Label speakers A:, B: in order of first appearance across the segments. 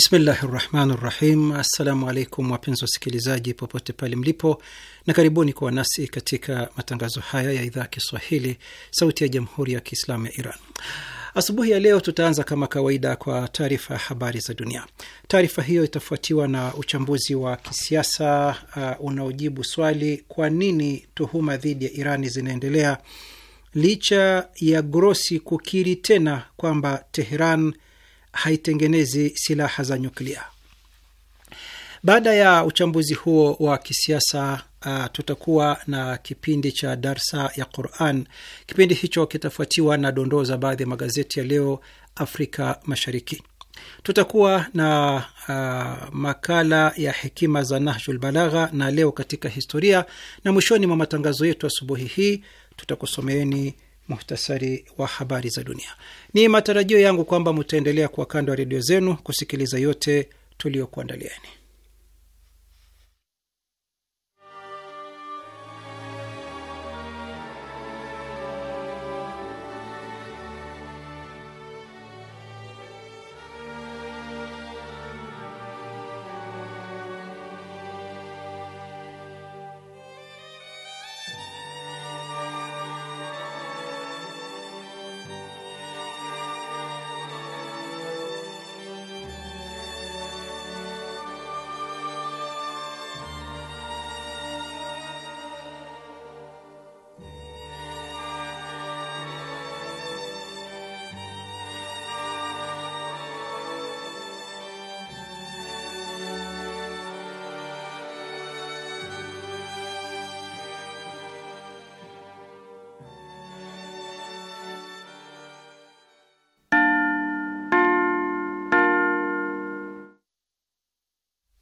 A: Bismillahi rahmani rahim. Assalamu alaikum wapenzi wasikilizaji popote pale mlipo, na karibuni kuwa nasi katika matangazo haya ya idhaa ya Kiswahili sauti ya jamhuri ya Kiislamu ya Iran. Asubuhi ya leo tutaanza kama kawaida kwa taarifa ya habari za dunia. Taarifa hiyo itafuatiwa na uchambuzi wa kisiasa uh, unaojibu swali kwa nini tuhuma dhidi ya Irani zinaendelea licha ya Grosi kukiri tena kwamba Teheran haitengenezi silaha za nyuklia. Baada ya uchambuzi huo wa kisiasa uh, tutakuwa na kipindi cha darsa ya Quran. Kipindi hicho kitafuatiwa na dondoo za baadhi ya magazeti ya leo Afrika Mashariki. Tutakuwa na uh, makala ya hekima za Nahjul Balagha na leo katika historia, na mwishoni mwa matangazo yetu asubuhi hii tutakusomeeni muhtasari wa habari za dunia. Ni matarajio yangu kwamba mutaendelea kuwa kando ya redio zenu kusikiliza yote tuliyokuandaliani.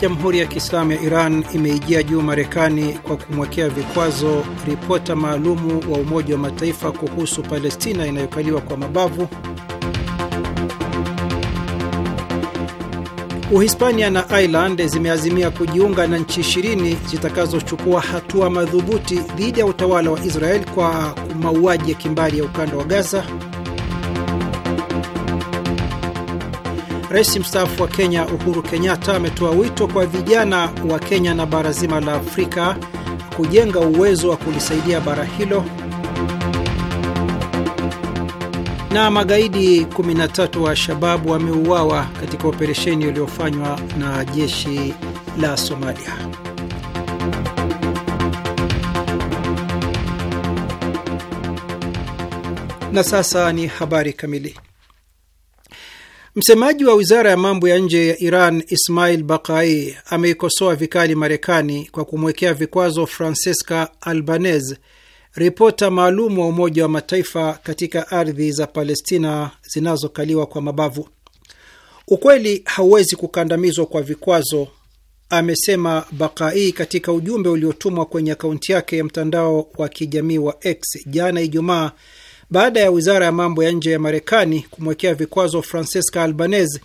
A: Jamhuri ya Kiislamu ya Iran imeijia juu Marekani kwa kumwekea vikwazo ripota maalumu wa Umoja wa Mataifa kuhusu Palestina inayokaliwa kwa mabavu. Uhispania na Ireland zimeazimia kujiunga na nchi ishirini zitakazochukua hatua madhubuti dhidi ya utawala wa Israel kwa mauaji ya kimbari ya ukanda wa Gaza. Rais mstaafu wa Kenya Uhuru Kenyatta ametoa wito kwa vijana wa Kenya na bara zima la Afrika kujenga uwezo wa kulisaidia bara hilo. Na magaidi 13 wa Shababu wameuawa katika operesheni iliyofanywa na jeshi la Somalia. Na sasa ni habari kamili. Msemaji wa wizara ya mambo ya nje ya Iran Ismail Bakai ameikosoa vikali Marekani kwa kumwekea vikwazo Francesca Albanese, ripota maalum wa Umoja wa Mataifa katika ardhi za Palestina zinazokaliwa kwa mabavu. Ukweli hauwezi kukandamizwa kwa vikwazo, amesema Bakai katika ujumbe uliotumwa kwenye akaunti yake ya mtandao wa kijamii wa X jana Ijumaa baada ya wizara ya mambo ya nje ya Marekani kumwekea vikwazo Francesca Albanese,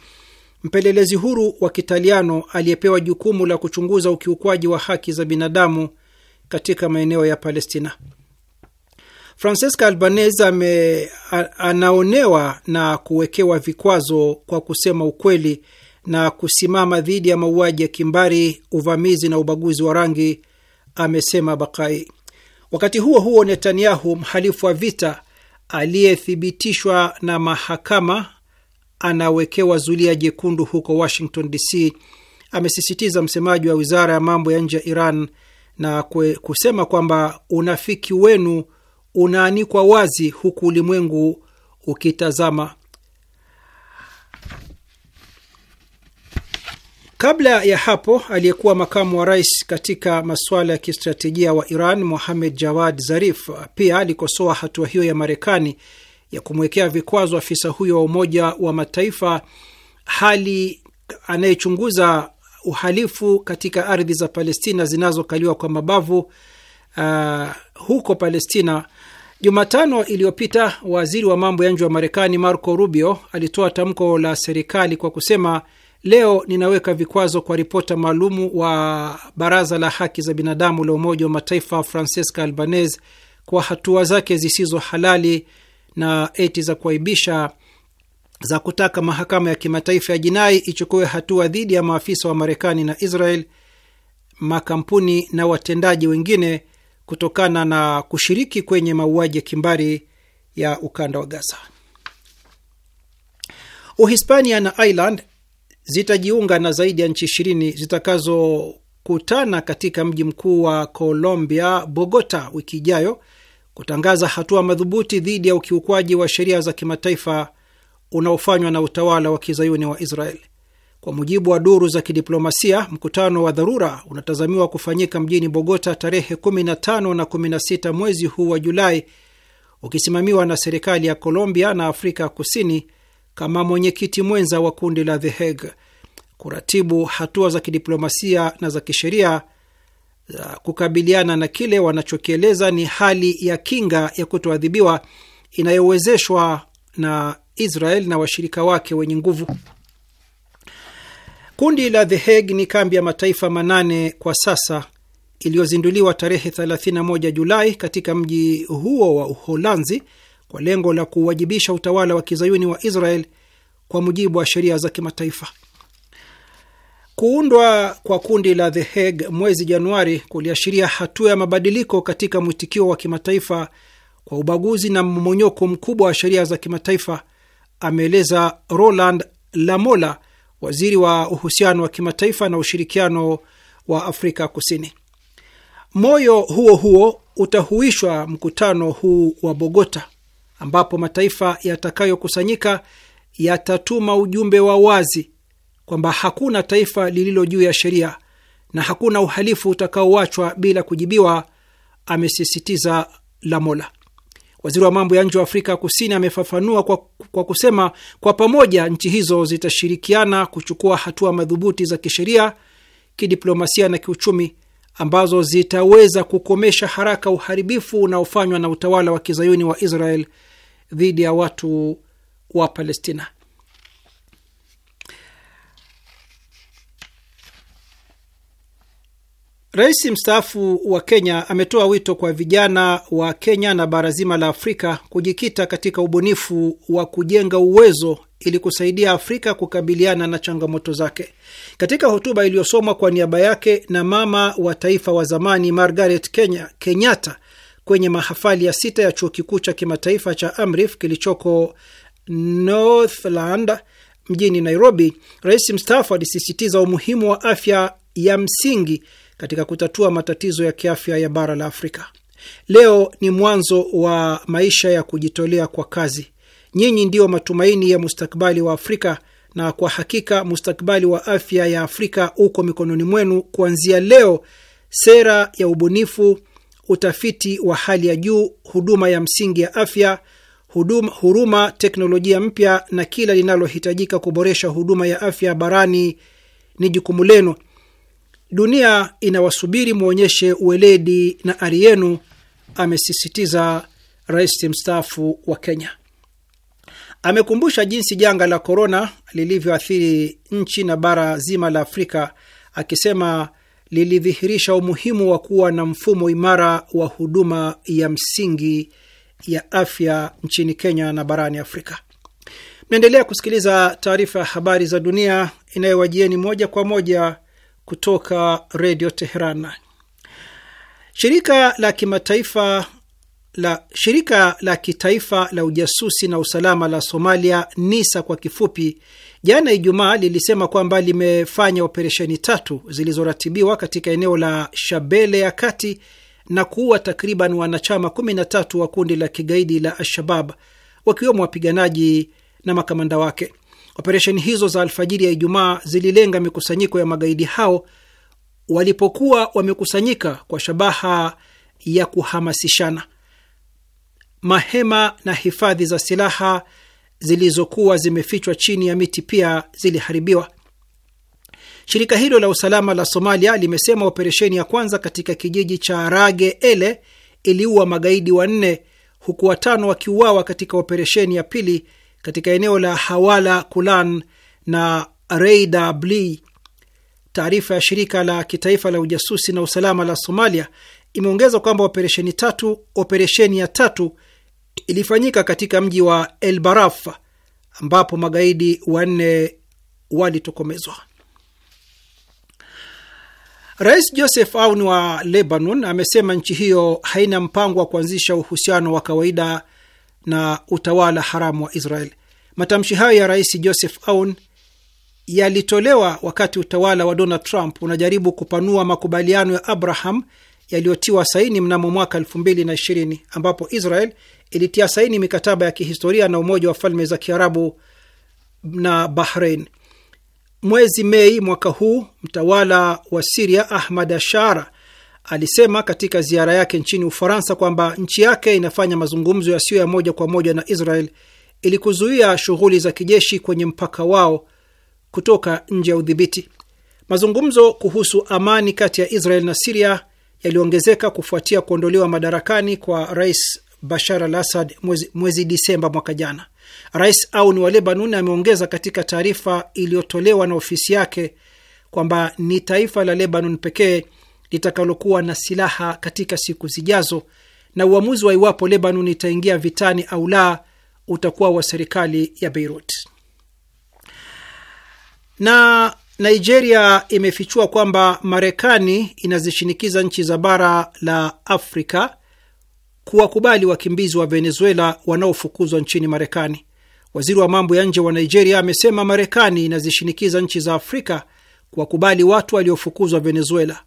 A: mpelelezi huru wa Kitaliano aliyepewa jukumu la kuchunguza ukiukwaji wa haki za binadamu katika maeneo ya Palestina. Francesca Albanese anaonewa na kuwekewa vikwazo kwa kusema ukweli na kusimama dhidi ya mauaji ya kimbari, uvamizi na ubaguzi wa rangi, amesema Bakai. Wakati huo huo, Netanyahu, mhalifu wa vita, aliyethibitishwa na mahakama anawekewa zulia jekundu huko Washington DC, amesisitiza msemaji wa wizara ya mambo ya nje ya Iran na kwe, kusema kwamba unafiki wenu unaanikwa wazi huku ulimwengu ukitazama. Kabla ya hapo aliyekuwa makamu wa rais katika masuala ya kistratejia wa Iran Mohamed Jawad Zarif pia alikosoa hatua hiyo ya Marekani ya kumwekea vikwazo afisa huyo wa Umoja wa Mataifa hali anayechunguza uhalifu katika ardhi za Palestina zinazokaliwa kwa mabavu uh, huko Palestina. Jumatano iliyopita waziri wa mambo ya nje wa Marekani Marco Rubio alitoa tamko la serikali kwa kusema Leo ninaweka vikwazo kwa ripota maalumu wa Baraza la Haki za Binadamu la Umoja wa Mataifa Francesca Albanese kwa hatua zake zisizo halali na eti za kuaibisha za kutaka mahakama ya kimataifa ya jinai ichukue hatua dhidi ya maafisa wa Marekani na Israel, makampuni na watendaji wengine kutokana na kushiriki kwenye mauaji ya kimbari ya ukanda wa Gaza. Uhispania na Ireland zitajiunga na zaidi ya nchi ishirini zitakazokutana katika mji mkuu wa Colombia, Bogota, wiki ijayo kutangaza hatua madhubuti dhidi ya ukiukwaji wa sheria za kimataifa unaofanywa na utawala wa kizayuni wa israel Kwa mujibu wa duru za kidiplomasia, mkutano wa dharura unatazamiwa kufanyika mjini Bogota tarehe 15 na 16 mwezi huu wa Julai, ukisimamiwa na serikali ya Colombia na Afrika Kusini kama mwenyekiti mwenza wa kundi la The Hague kuratibu hatua za kidiplomasia na za kisheria za kukabiliana na kile wanachokieleza ni hali ya kinga ya kutoadhibiwa inayowezeshwa na Israel na washirika wake wenye nguvu. Kundi la The Hague ni kambi ya mataifa manane kwa sasa iliyozinduliwa tarehe 31 Julai katika mji huo wa Uholanzi kwa lengo la kuuwajibisha utawala wa kizayuni wa Israel kwa mujibu wa sheria za kimataifa. Kuundwa kwa kundi la The Hague mwezi Januari kuliashiria hatua ya mabadiliko katika mwitikio wa kimataifa kwa ubaguzi na mmonyoko mkubwa wa sheria za kimataifa, ameeleza Roland Lamola, waziri wa uhusiano wa kimataifa na ushirikiano wa Afrika Kusini. Moyo huo huo utahuishwa mkutano huu wa Bogota ambapo mataifa yatakayokusanyika yatatuma ujumbe wa wazi kwamba hakuna taifa lililo juu ya sheria na hakuna uhalifu utakaoachwa bila kujibiwa, amesisitiza Lamola. Waziri wa mambo ya nje wa Afrika Kusini amefafanua kwa, kwa kusema kwa pamoja nchi hizo zitashirikiana kuchukua hatua madhubuti za kisheria, kidiplomasia na kiuchumi ambazo zitaweza kukomesha haraka uharibifu unaofanywa na utawala wa kizayuni wa Israel dhidi ya watu wa Palestina. Rais mstaafu wa Kenya ametoa wito kwa vijana wa Kenya na bara zima la Afrika kujikita katika ubunifu wa kujenga uwezo ili kusaidia Afrika kukabiliana na changamoto zake. Katika hotuba iliyosomwa kwa niaba yake na mama wa taifa wa zamani Margaret Kenya, Kenyatta, kwenye mahafali ya sita ya chuo kikuu cha kimataifa cha Amref kilichoko Northland mjini Nairobi, rais mstaafu alisisitiza umuhimu wa afya ya msingi katika kutatua matatizo ya kiafya ya bara la Afrika. Leo ni mwanzo wa maisha ya kujitolea kwa kazi. Nyinyi ndiyo matumaini ya mustakabali wa Afrika, na kwa hakika mustakabali wa afya ya Afrika uko mikononi mwenu kuanzia leo. Sera ya ubunifu utafiti wa hali ya juu, huduma ya msingi ya afya, huduma, huruma, teknolojia mpya na kila linalohitajika kuboresha huduma ya afya barani ni jukumu lenu. Dunia inawasubiri mwonyeshe uweledi na ari yenu, amesisitiza rais mstaafu wa Kenya. Amekumbusha jinsi janga la korona lilivyoathiri nchi na bara zima la Afrika, akisema lilidhihirisha umuhimu wa kuwa na mfumo imara wa huduma ya msingi ya afya nchini Kenya na barani Afrika. Mnaendelea kusikiliza taarifa ya habari za dunia inayowajieni moja kwa moja kutoka redio Teheran. Shirika la kimataifa la shirika la kitaifa la ujasusi na usalama la Somalia, NISA kwa kifupi, jana Ijumaa lilisema kwamba limefanya operesheni tatu zilizoratibiwa katika eneo la Shabele ya kati na kuua takriban wanachama 13 wa kundi la kigaidi la Alshabab, wakiwemo wapiganaji na makamanda wake. Operesheni hizo za alfajiri ya Ijumaa zililenga mikusanyiko ya magaidi hao walipokuwa wamekusanyika kwa shabaha ya kuhamasishana. Mahema na hifadhi za silaha zilizokuwa zimefichwa chini ya miti pia ziliharibiwa. Shirika hilo la usalama la Somalia limesema operesheni ya kwanza katika kijiji cha Rage Ele iliua magaidi wanne huku watano wakiuawa katika operesheni ya pili katika eneo la Hawala Kulan na Reida Bli. Taarifa ya shirika la kitaifa la ujasusi na usalama la Somalia imeongeza kwamba operesheni tatu operesheni ya tatu ilifanyika katika mji wa El Baraf ambapo magaidi wanne walitokomezwa. Rais Joseph Aoun wa Lebanon amesema nchi hiyo haina mpango wa kuanzisha uhusiano wa kawaida na utawala haramu wa Israel. Matamshi hayo ya Rais Joseph Aoun yalitolewa wakati utawala wa Donald Trump unajaribu kupanua makubaliano ya Abraham yaliyotiwa saini mnamo mwaka 2020 ambapo Israel ilitia saini mikataba ya kihistoria na Umoja wa Falme za Kiarabu na Bahrain. Mwezi Mei mwaka huu mtawala wa Siria Ahmad Ashara alisema katika ziara yake nchini Ufaransa kwamba nchi yake inafanya mazungumzo yasiyo ya moja kwa moja na Israel ili kuzuia shughuli za kijeshi kwenye mpaka wao kutoka nje ya udhibiti. Mazungumzo kuhusu amani kati ya Israel na Siria yaliongezeka kufuatia kuondolewa madarakani kwa Rais Bashar al Assad mwezi, mwezi Disemba mwaka jana. Rais Aoun wa Lebanon ameongeza katika taarifa iliyotolewa na ofisi yake kwamba ni taifa la Lebanon pekee litakalokuwa na silaha katika siku zijazo, na uamuzi wa iwapo Lebanon itaingia vitani au la utakuwa wa serikali ya Beirut. Na Nigeria imefichua kwamba Marekani inazishinikiza nchi za bara la Afrika kuwakubali wakimbizi wa Venezuela wanaofukuzwa nchini Marekani. Waziri wa mambo ya nje wa Nigeria amesema Marekani inazishinikiza nchi za Afrika kuwakubali watu waliofukuzwa Venezuela,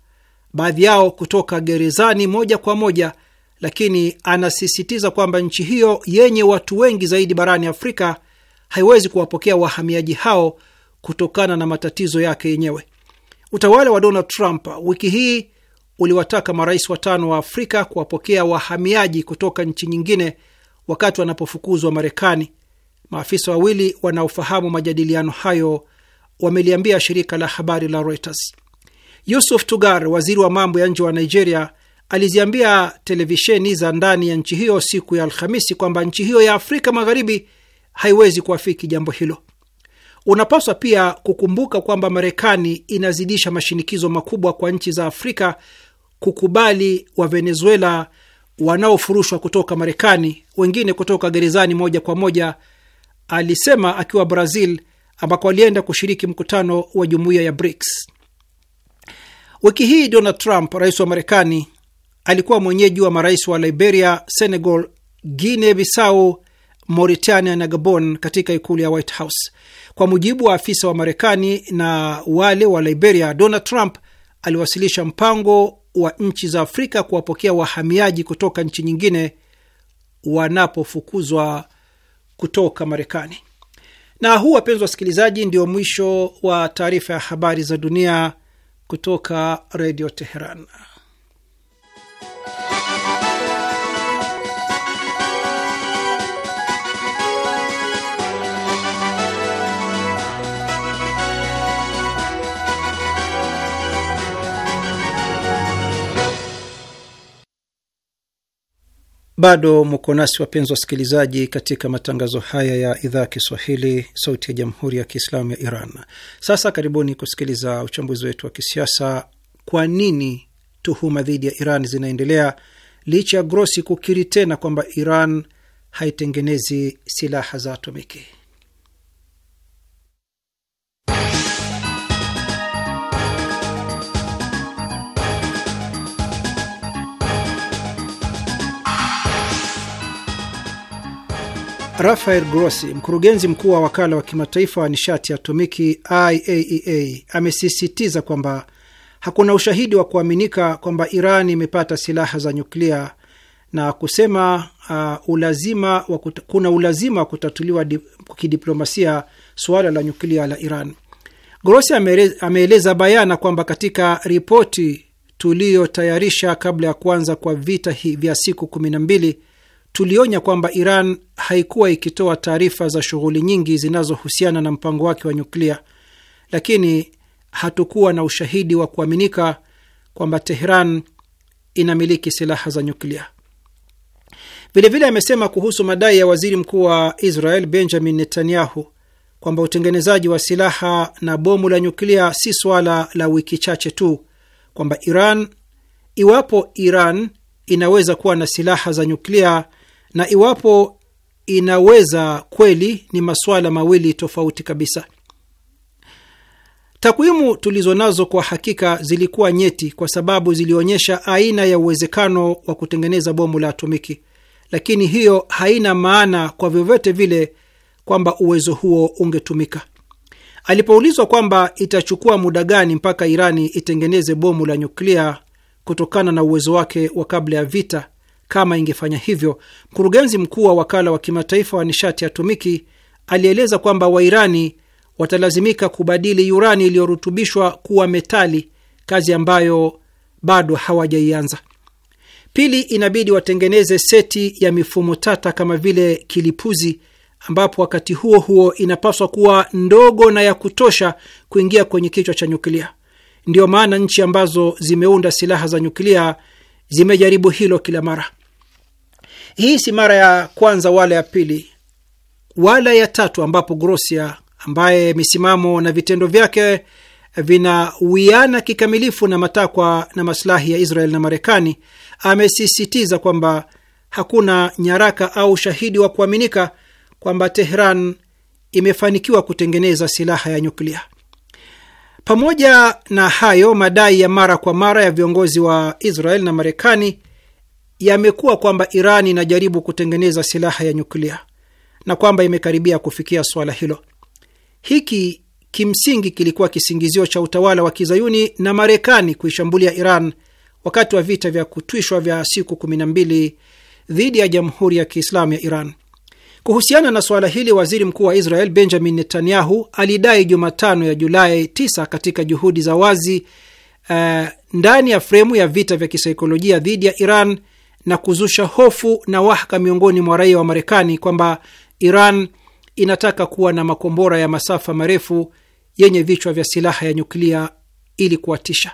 A: baadhi yao kutoka gerezani moja kwa moja, lakini anasisitiza kwamba nchi hiyo yenye watu wengi zaidi barani Afrika haiwezi kuwapokea wahamiaji hao kutokana na matatizo yake yenyewe. Utawala wa Donald Trump wiki hii uliwataka marais watano wa Afrika kuwapokea wahamiaji kutoka nchi nyingine wakati wanapofukuzwa Marekani. Maafisa wawili wanaofahamu majadiliano hayo wameliambia shirika la habari la Reuters. Yusuf Tugar, waziri wa mambo ya nje wa Nigeria, aliziambia televisheni za ndani ya nchi hiyo siku ya Alhamisi kwamba nchi hiyo ya Afrika Magharibi haiwezi kuafiki jambo hilo. Unapaswa pia kukumbuka kwamba Marekani inazidisha mashinikizo makubwa kwa nchi za Afrika kukubali wa Venezuela wanaofurushwa kutoka Marekani, wengine kutoka gerezani moja kwa moja, alisema akiwa Brazil ambako alienda kushiriki mkutano wa jumuiya ya BRICS. Wiki hii Donald Trump, rais wa Marekani, alikuwa mwenyeji wa marais wa Liberia, Senegal, Guinea Bissau, Mauritania na Gabon katika ikulu ya White House. Kwa mujibu wa afisa wa Marekani na wale wa Liberia, Donald Trump aliwasilisha mpango wa nchi za Afrika kuwapokea wahamiaji kutoka nchi nyingine wanapofukuzwa kutoka Marekani. Na huu, wapenzi wasikilizaji, ndio mwisho wa taarifa ya habari za dunia kutoka Redio Teheran. Bado muko nasi wapenzi wasikilizaji, katika matangazo haya ya idhaa Kiswahili sauti ya jamhuri ya kiislamu ya Iran. Sasa karibuni kusikiliza uchambuzi wetu wa kisiasa. Kwa nini tuhuma dhidi ya Iran zinaendelea licha ya Grosi kukiri tena kwamba Iran haitengenezi silaha za atomiki? Rafael Grossi, mkurugenzi mkuu wa wakala wa kimataifa wa nishati ya atomiki IAEA, e amesisitiza kwamba hakuna ushahidi wa kuaminika kwamba Iran imepata silaha za nyuklia na kusema uh, ulazima wa kuta, kuna ulazima wa kutatuliwa di, kidiplomasia suala la nyuklia la Iran. Grossi ameeleza bayana kwamba katika ripoti tuliyotayarisha kabla ya kuanza kwa vita vya siku kumi na mbili tulionya kwamba Iran haikuwa ikitoa taarifa za shughuli nyingi zinazohusiana na mpango wake wa nyuklia, lakini hatukuwa na ushahidi wa kuaminika kwamba Tehran inamiliki silaha za nyuklia. Vilevile amesema kuhusu madai ya waziri mkuu wa Israel Benjamin Netanyahu kwamba utengenezaji wa silaha na bomu la nyuklia si swala la wiki chache tu, kwamba Iran, iwapo Iran inaweza kuwa na silaha za nyuklia na iwapo inaweza kweli, ni masuala mawili tofauti kabisa. Takwimu tulizo nazo kwa hakika zilikuwa nyeti, kwa sababu zilionyesha aina ya uwezekano wa kutengeneza bomu la atomiki, lakini hiyo haina maana kwa vyovyote vile kwamba uwezo huo ungetumika. Alipoulizwa kwamba itachukua muda gani mpaka Irani itengeneze bomu la nyuklia kutokana na uwezo wake wa kabla ya vita, kama ingefanya hivyo, mkurugenzi mkuu wa wakala wa kimataifa wa nishati atomiki alieleza kwamba Wairani watalazimika kubadili urani iliyorutubishwa kuwa metali, kazi ambayo bado hawajaianza. Pili, inabidi watengeneze seti ya mifumo tata kama vile kilipuzi, ambapo wakati huo huo inapaswa kuwa ndogo na ya kutosha kuingia kwenye kichwa cha nyuklia. Ndiyo maana nchi ambazo zimeunda silaha za nyuklia zimejaribu hilo kila mara. Hii si mara ya kwanza wala ya pili wala ya tatu ambapo Grosia ambaye misimamo na vitendo vyake vinawiana kikamilifu na matakwa na masilahi ya Israel na Marekani amesisitiza kwamba hakuna nyaraka au shahidi wa kuaminika kwamba Tehran imefanikiwa kutengeneza silaha ya nyuklia. Pamoja na hayo, madai ya mara kwa mara ya viongozi wa Israel na Marekani yamekuwa kwamba Iran inajaribu kutengeneza silaha ya nyuklia na kwamba imekaribia kufikia swala hilo. Hiki kimsingi kilikuwa kisingizio cha utawala wa kizayuni na Marekani kuishambulia Iran wakati wa vita vya kutwishwa vya siku 12 dhidi ya jamhuri ya Kiislamu ya Iran. Kuhusiana na suala hili, waziri mkuu wa Israel Benjamin Netanyahu alidai Jumatano ya Julai 9 katika juhudi za wazi uh, ndani ya fremu ya vita vya kisaikolojia dhidi ya Iran na kuzusha hofu na wahaka miongoni mwa raia wa Marekani kwamba Iran inataka kuwa na makombora ya masafa marefu yenye vichwa vya silaha ya nyuklia ili kuwatisha.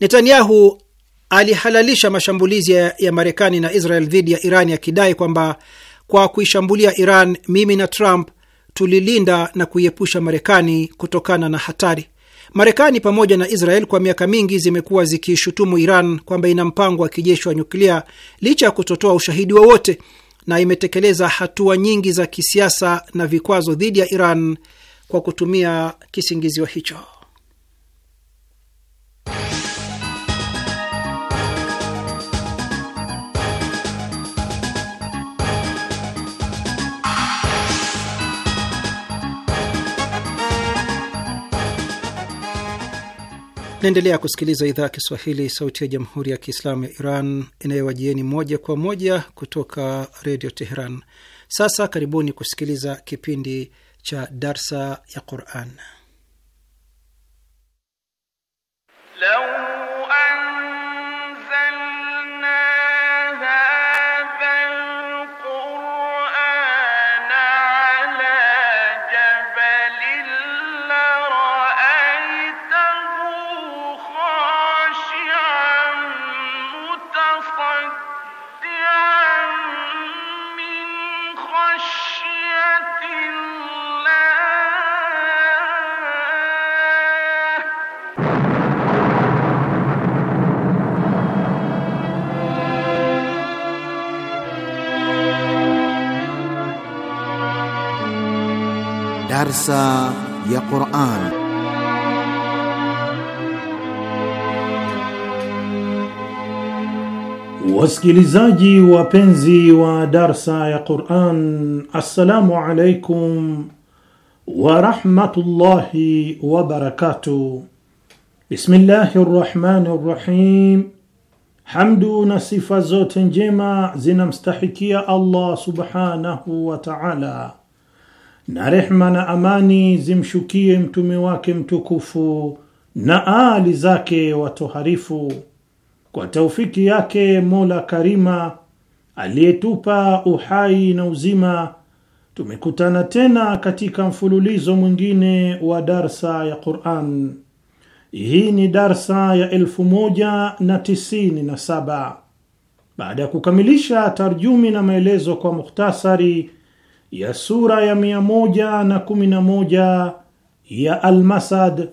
A: Netanyahu alihalalisha mashambulizi ya, Marekani na Israel dhidi ya Iran akidai kwamba kwa kuishambulia Iran, mimi na Trump tulilinda na kuiepusha Marekani kutokana na hatari. Marekani pamoja na Israel kwa miaka mingi zimekuwa zikiishutumu Iran kwamba ina mpango wa kijeshi wa nyuklia licha ya kutotoa ushahidi wowote, na imetekeleza hatua nyingi za kisiasa na vikwazo dhidi ya Iran kwa kutumia kisingizio hicho. Naendelea kusikiliza idhaa ya Kiswahili, sauti ya jamhuri ya kiislamu ya Iran inayowajieni moja kwa moja kutoka redio Teheran. Sasa karibuni kusikiliza kipindi cha darsa ya Quran.
B: Darsa ya Quran.
C: Wasikilizaji wapenzi wa darsa ya Quran, assalamu alaikum wa rahmatullahi wa barakatuh. Bismillahir rahmanir rahim. Hamdu na sifa zote njema zinamstahikia Allah subhanahu wa ta'ala na rehma na amani zimshukie mtume wake mtukufu na aali zake watoharifu. Kwa taufiki yake Mola Karima aliyetupa uhai na uzima, tumekutana tena katika mfululizo mwingine wa darsa ya Qur'an. Hii ni darsa ya elfu moja na tisini na saba baada ya kukamilisha tarjumi na maelezo kwa mukhtasari ya sura ya mia moja na kumi na moja ya Almasad.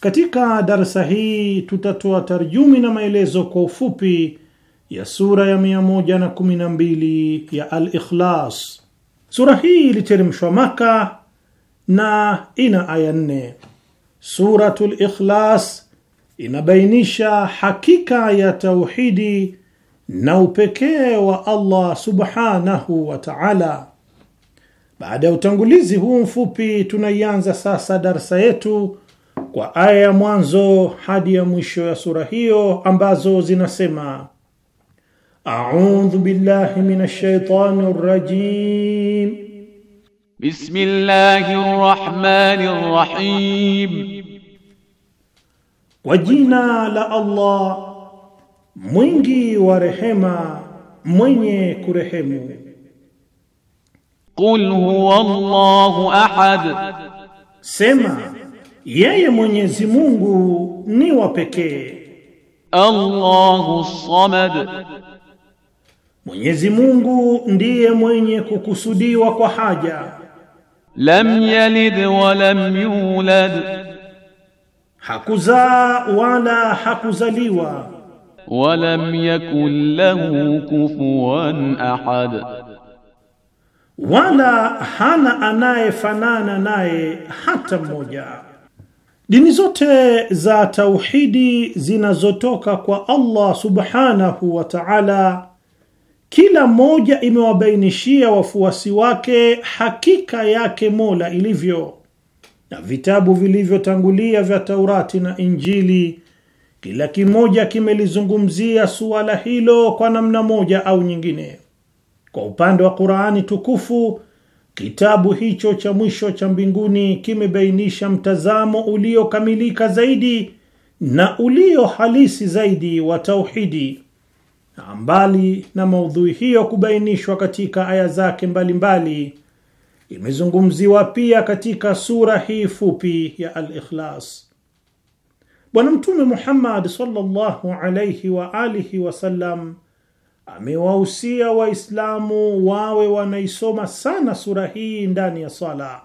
C: Katika darsa hii tutatoa tarjumi na maelezo kwa ufupi ya sura ya mia moja na kumi na mbili ya alikhlas Sura hii iliteremshwa Maka na ina aya nne. Suratul Ikhlas inabainisha hakika ya tauhidi na upekee wa Allah subhanahu wa ta'ala. Baada ya utangulizi huu mfupi, tunaianza sasa darsa yetu kwa aya ya mwanzo hadi ya mwisho ya sura hiyo ambazo zinasema: audhu billahi minash shaitani bismillahi rrahmani rrahim, kwa jina la Allah mwingi wa rehema mwenye kurehemu. Qul huwa Allahu ahad, sema yeye Mwenyezi Mungu ni wa pekee. Allahu samad, Mwenyezi Mungu ndiye mwenye kukusudiwa kwa haja. Lam yalid wa lam yulad, hakuzaa wala hakuzaliwa.
D: Walam yakun lahu kufuwan ahad
C: wala hana anayefanana naye hata mmoja. Dini zote za tauhidi zinazotoka kwa Allah subhanahu wa ta'ala, kila mmoja imewabainishia wafuasi wake hakika yake Mola ilivyo, na vitabu vilivyotangulia vya Taurati na Injili kila kimoja kimelizungumzia suala hilo kwa namna moja au nyingine. Kwa upande wa Qur'ani tukufu, kitabu hicho cha mwisho cha mbinguni kimebainisha mtazamo uliokamilika zaidi na ulio halisi zaidi wa tauhidi. Mbali na maudhui hiyo kubainishwa katika aya zake mbalimbali, imezungumziwa pia katika sura hii fupi ya Al-Ikhlas. Bwana Mtume Muhammad sallallahu alayhi wa alihi wasallam amewahusia Waislamu wawe wanaisoma sana sura hii ndani ya sala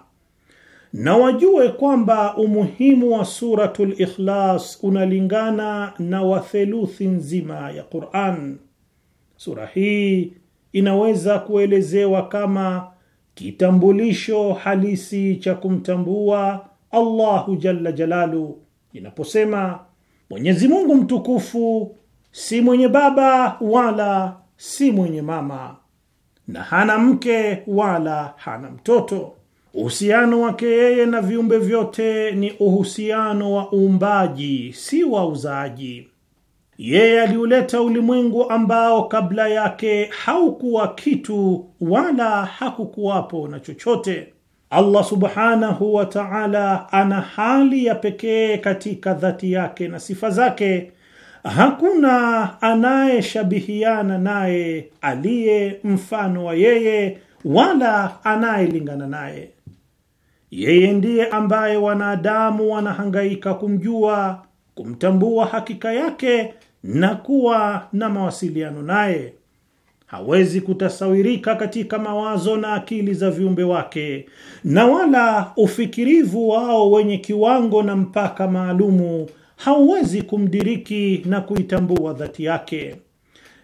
C: na wajue kwamba umuhimu wa Suratul Ikhlas unalingana na watheluthi nzima ya Quran. Sura hii inaweza kuelezewa kama kitambulisho halisi cha kumtambua Allahu jalla jalalu. Inaposema Mwenyezi Mungu mtukufu si mwenye baba wala si mwenye mama, na hana mke wala hana mtoto. Uhusiano wake yeye na viumbe vyote ni uhusiano wa uumbaji, si wa uzaaji. Yeye aliuleta ulimwengu ambao kabla yake haukuwa kitu wala hakukuwapo na chochote. Allah subhanahu wa ta'ala ana hali ya pekee katika dhati yake na sifa zake hakuna anayeshabihiana naye aliye mfano wa yeye wala anayelingana naye. Yeye ndiye ambaye wanadamu wanahangaika kumjua, kumtambua hakika yake na kuwa na mawasiliano naye. Hawezi kutasawirika katika mawazo na akili za viumbe wake, na wala ufikirivu wao wenye kiwango na mpaka maalumu hauwezi kumdiriki na kuitambua dhati yake.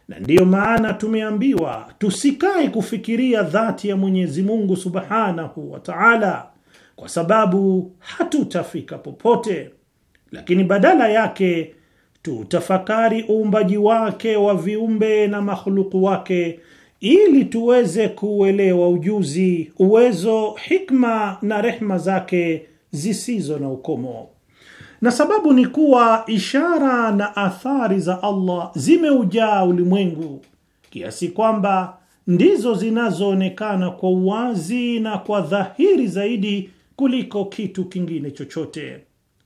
C: Na ndiyo maana tumeambiwa tusikae kufikiria dhati ya Mwenyezi Mungu Subhanahu wa Ta'ala, kwa sababu hatutafika popote, lakini badala yake tutafakari uumbaji wake wa viumbe na makhluku wake ili tuweze kuuelewa ujuzi, uwezo, hikma na rehma zake zisizo na ukomo na sababu ni kuwa ishara na athari za Allah zimeujaa ulimwengu kiasi kwamba ndizo zinazoonekana kwa uwazi na kwa dhahiri zaidi kuliko kitu kingine chochote.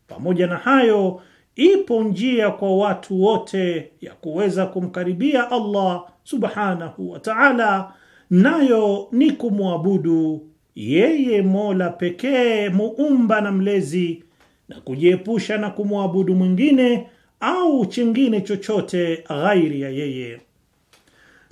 C: Pamoja na hayo, ipo njia kwa watu wote ya kuweza kumkaribia Allah subhanahu wa ta'ala, nayo ni kumwabudu yeye Mola pekee, muumba na mlezi na kujiepusha na kumwabudu mwingine au chingine chochote ghairi ya yeye.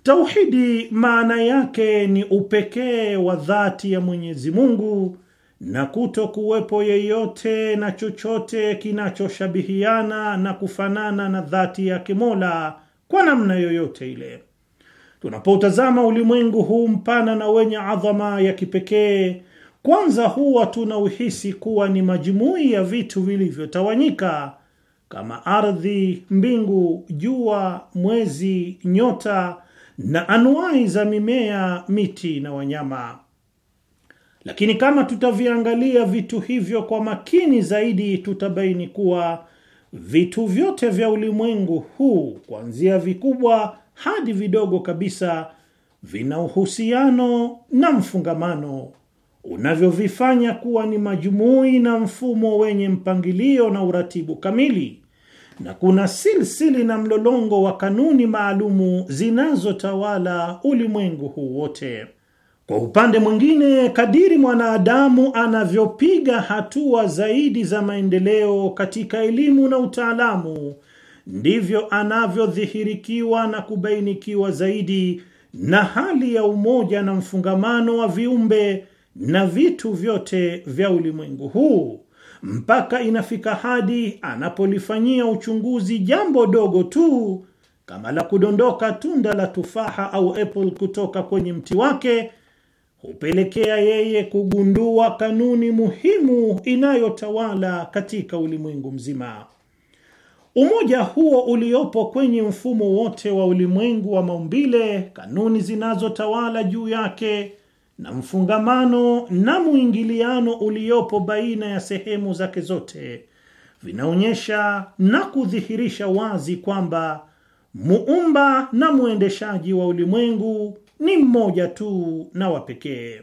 C: Tauhidi maana yake ni upekee wa dhati ya Mwenyezi Mungu na kuto kuwepo yeyote na chochote kinachoshabihiana na kufanana na dhati yake Mola kwa namna yoyote ile. Tunapoutazama ulimwengu huu mpana na wenye adhama ya kipekee kwanza huwa tunauhisi kuwa ni majumui ya vitu vilivyotawanyika kama ardhi, mbingu, jua, mwezi, nyota na anuai za mimea, miti na wanyama. Lakini kama tutaviangalia vitu hivyo kwa makini zaidi, tutabaini kuwa vitu vyote vya ulimwengu huu, kuanzia vikubwa hadi vidogo kabisa, vina uhusiano na mfungamano unavyovifanya kuwa ni majumui na mfumo wenye mpangilio na uratibu kamili, na kuna silsili na mlolongo wa kanuni maalumu zinazotawala ulimwengu huu wote. Kwa upande mwingine, kadiri mwanadamu anavyopiga hatua zaidi za maendeleo katika elimu na utaalamu, ndivyo anavyodhihirikiwa na kubainikiwa zaidi na hali ya umoja na mfungamano wa viumbe na vitu vyote vya ulimwengu huu mpaka inafika hadi anapolifanyia uchunguzi jambo dogo tu kama la kudondoka tunda la tufaha au apple kutoka kwenye mti wake hupelekea yeye kugundua kanuni muhimu inayotawala katika ulimwengu mzima. Umoja huo uliopo kwenye mfumo wote wa ulimwengu wa maumbile, kanuni zinazotawala juu yake na mfungamano na mwingiliano uliopo baina ya sehemu zake zote vinaonyesha na kudhihirisha wazi kwamba muumba na mwendeshaji wa ulimwengu ni mmoja tu na wa pekee.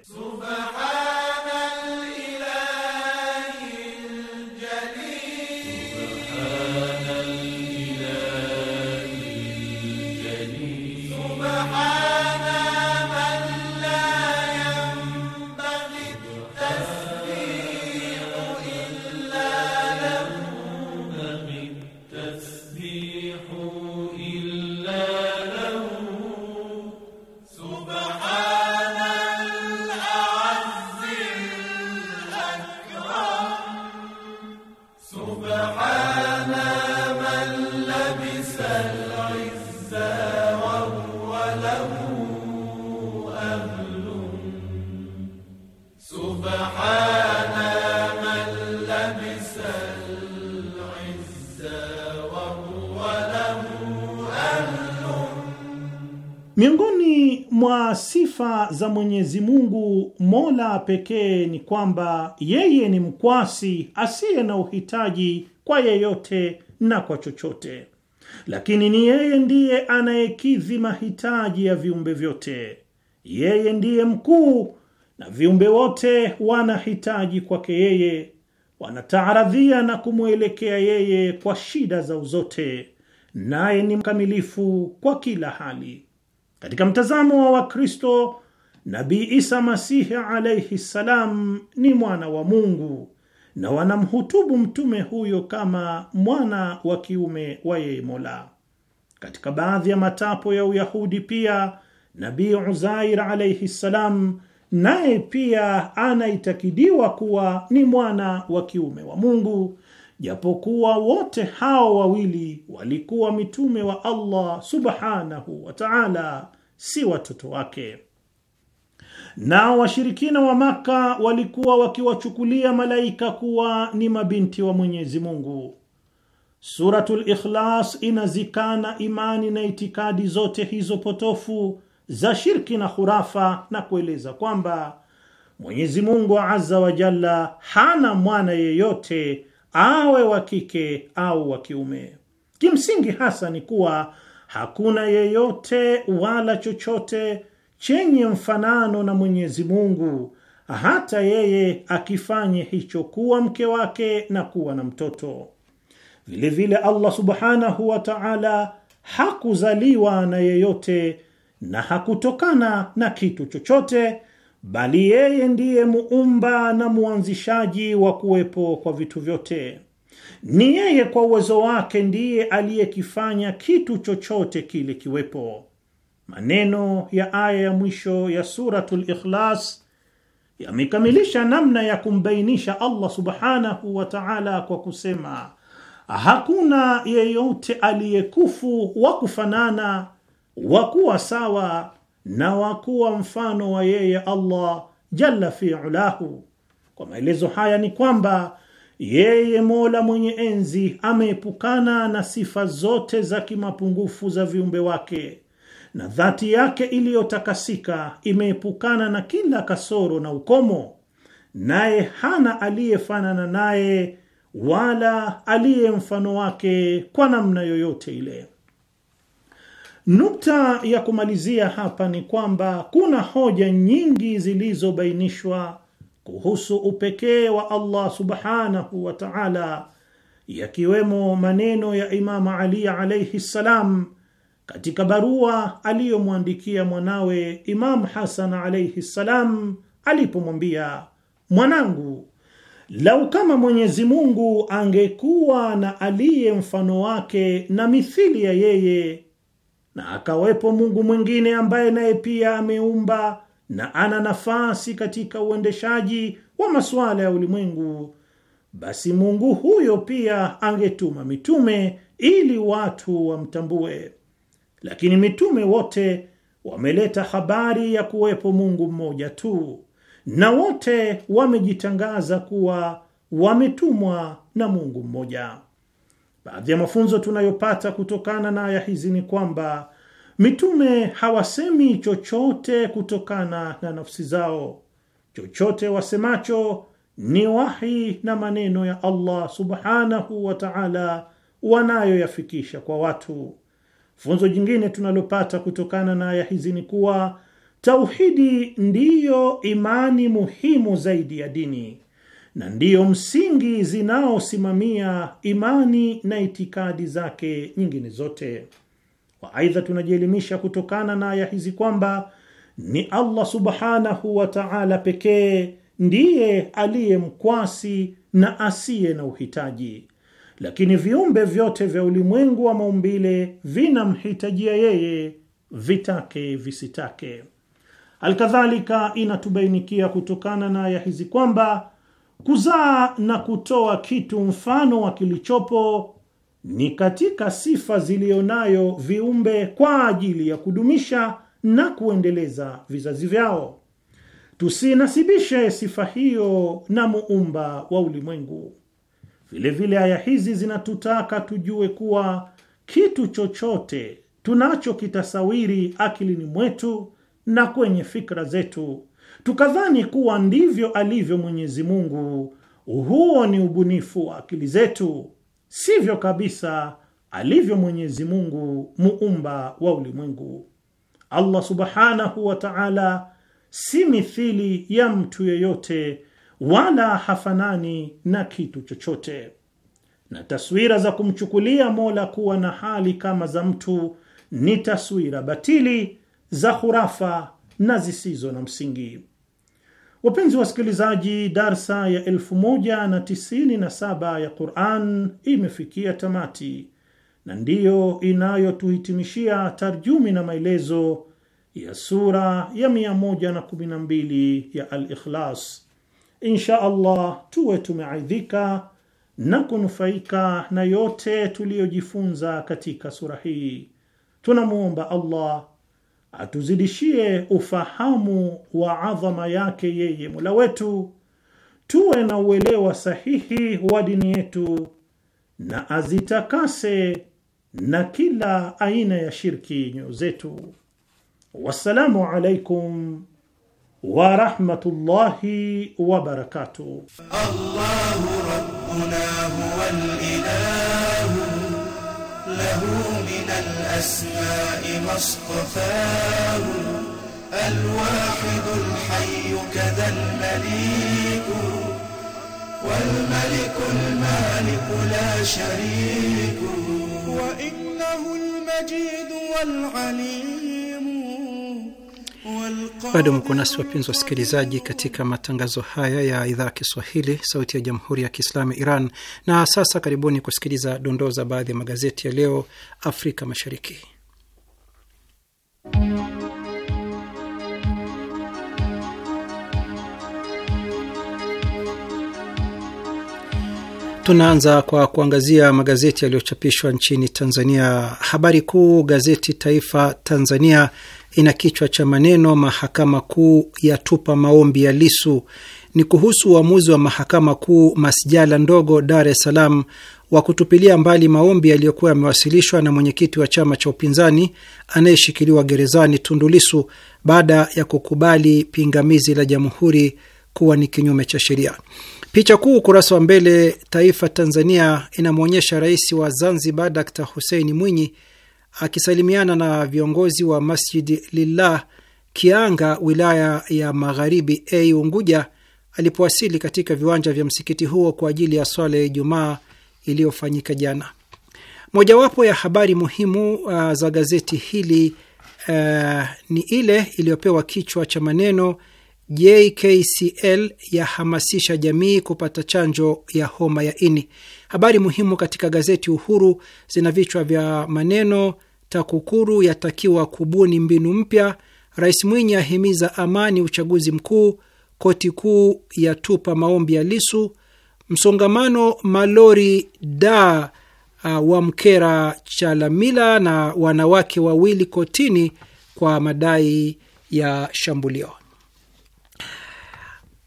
C: sifa za Mwenyezi Mungu Mola pekee ni kwamba yeye ni mkwasi asiye na uhitaji kwa yeyote na kwa chochote, lakini ni yeye ndiye anayekidhi mahitaji ya viumbe vyote. Yeye ndiye mkuu na viumbe wote wanahitaji kwake yeye, wanataaradhia na kumwelekea yeye kwa shida zao zote, naye ni mkamilifu kwa kila hali. Katika mtazamo wa Wakristo, Nabii Isa Masihi alaihi ssalam ni mwana wa Mungu na wanamhutubu mtume huyo kama mwana wa kiume wa yeye Mola. Katika baadhi ya matapo ya Uyahudi pia Nabii Uzair alaihi ssalam naye pia anaitakidiwa kuwa ni mwana wa kiume wa Mungu japokuwa wote hao wawili walikuwa mitume wa Allah subhanahu wa ta'ala, si watoto wake. Nao washirikina wa Maka walikuwa wakiwachukulia malaika kuwa ni mabinti wa Mwenyezi Mungu. Suratul Ikhlas inazikana imani na itikadi zote hizo potofu za shirki na khurafa na kueleza kwamba Mwenyezi Mungu azza wa jalla hana mwana yeyote awe wa kike au wa kiume. Kimsingi hasa ni kuwa hakuna yeyote wala chochote chenye mfanano na Mwenyezi Mungu, hata yeye akifanye hicho kuwa mke wake na kuwa na mtoto. Vilevile Allah subhanahu wa ta'ala hakuzaliwa na yeyote na hakutokana na kitu chochote bali yeye ndiye muumba na mwanzishaji wa kuwepo kwa vitu vyote. Ni yeye kwa uwezo wake ndiye aliyekifanya kitu chochote kile kiwepo. Maneno ya aya ya mwisho ya Suratul Ikhlas yamekamilisha namna ya kumbainisha Allah subhanahu wa ta'ala kwa kusema, hakuna yeyote aliyekufu wa kufanana wa kuwa sawa na wakuwa mfano wa yeye Allah jalla fiulahu. Kwa maelezo haya ni kwamba yeye Mola mwenye enzi ameepukana na sifa zote za kimapungufu za viumbe wake na dhati yake iliyotakasika imeepukana na kila kasoro na ukomo, naye hana aliyefanana naye wala aliye mfano wake kwa namna yoyote ile. Nukta ya kumalizia hapa ni kwamba kuna hoja nyingi zilizobainishwa kuhusu upekee wa Allah subhanahu wa ta'ala, yakiwemo maneno ya Imamu Ali alayhi ssalam katika barua aliyomwandikia mwanawe Imamu Hasan alayhi ssalam alipomwambia, mwanangu, lau kama Mwenyezi Mungu angekuwa na aliye mfano wake na mithili ya yeye na akawepo Mungu mwingine ambaye naye pia ameumba na ana nafasi katika uendeshaji wa masuala ya ulimwengu, basi Mungu huyo pia angetuma mitume ili watu wamtambue. Lakini mitume wote wameleta habari ya kuwepo Mungu mmoja tu, na wote wamejitangaza kuwa wametumwa na Mungu mmoja. Baadhi ya mafunzo tunayopata kutokana na aya hizi ni kwamba mitume hawasemi chochote kutokana na nafsi zao. Chochote wasemacho ni wahi na maneno ya Allah subhanahu wa ta'ala wanayoyafikisha kwa watu. Funzo jingine tunalopata kutokana na aya hizi ni kuwa tauhidi ndiyo imani muhimu zaidi ya dini na ndiyo msingi zinaosimamia imani na itikadi zake nyingine zote. Wa aidha, tunajielimisha kutokana na aya hizi kwamba ni Allah subhanahu wa ta'ala pekee ndiye aliye mkwasi na asiye na uhitaji, lakini viumbe vyote vya ulimwengu wa maumbile vinamhitajia yeye, vitake visitake. Alkadhalika, inatubainikia kutokana na aya hizi kwamba Kuzaa na kutoa kitu mfano wa kilichopo ni katika sifa zilionayo viumbe kwa ajili ya kudumisha na kuendeleza vizazi vyao. Tusinasibishe sifa hiyo na muumba wa ulimwengu. Vilevile aya hizi zinatutaka tujue kuwa kitu chochote tunachokitasawiri akilini mwetu na kwenye fikra zetu tukadhani kuwa ndivyo alivyo Mwenyezi Mungu. Huo ni ubunifu wa akili zetu, sivyo kabisa alivyo Mwenyezi Mungu, muumba wa ulimwengu. Allah subhanahu wa ta'ala si mithili ya mtu yeyote, wala hafanani na kitu chochote, na taswira za kumchukulia Mola kuwa na hali kama za mtu ni taswira batili za hurafa na zisizo na msingi. Wapenzi wasikilizaji, darsa ya 1097 ya Quran imefikia tamati na ndiyo inayotuhitimishia tarjumi na maelezo ya sura ya 112 ya Al-Ikhlas. Insha Allah tuwe tumeaidhika na kunufaika na yote tuliyojifunza katika sura hii. Tunamwomba Allah atuzidishie ufahamu wa adhama yake yeye Mola wetu, tuwe na uelewa sahihi wa dini yetu na azitakase na kila aina ya shirki nyoyo zetu. Wassalamu alaikum wa rahmatullahi wa barakatuh.
A: Allahu rabbuna huwal ilah له من الأسماء ما اصطفاه
D: الواحد الحي كذا المليك والملك المالك لا شريك
A: وإنه المجيد والعليم Bado mko nasi wapenzi wasikilizaji, katika matangazo haya ya idhaa ya Kiswahili, sauti ya jamhuri ya kiislamu ya Iran. Na sasa karibuni kusikiliza dondoo za baadhi ya magazeti ya leo Afrika Mashariki. Tunaanza kwa kuangazia magazeti yaliyochapishwa nchini Tanzania. Habari kuu gazeti Taifa Tanzania ina kichwa cha maneno mahakama kuu yatupa maombi ya Lisu. Ni kuhusu uamuzi wa mahakama kuu masjala ndogo Dar es Salaam wa kutupilia mbali maombi yaliyokuwa yamewasilishwa na mwenyekiti wa chama cha upinzani anayeshikiliwa gerezani Tundu Lisu baada ya kukubali pingamizi la jamhuri kuwa ni kinyume cha sheria. Picha kuu ukurasa wa mbele Taifa Tanzania inamwonyesha rais wa Zanzibar Dkt huseini Mwinyi akisalimiana na viongozi wa Masjid Lillah Kianga, wilaya ya Magharibi a Unguja, alipowasili katika viwanja vya msikiti huo kwa ajili ya swala ya Ijumaa iliyofanyika jana. Mojawapo ya habari muhimu uh, za gazeti hili uh, ni ile iliyopewa kichwa cha maneno JKCL yahamasisha jamii kupata chanjo ya homa ya ini. Habari muhimu katika gazeti Uhuru zina vichwa vya maneno TAKUKURU yatakiwa kubuni mbinu mpya. Rais Mwinyi ahimiza amani uchaguzi mkuu. Koti kuu yatupa maombi ya Lisu. Msongamano malori da uh, wa mkera Chalamila na wanawake wawili kotini kwa madai ya shambulio.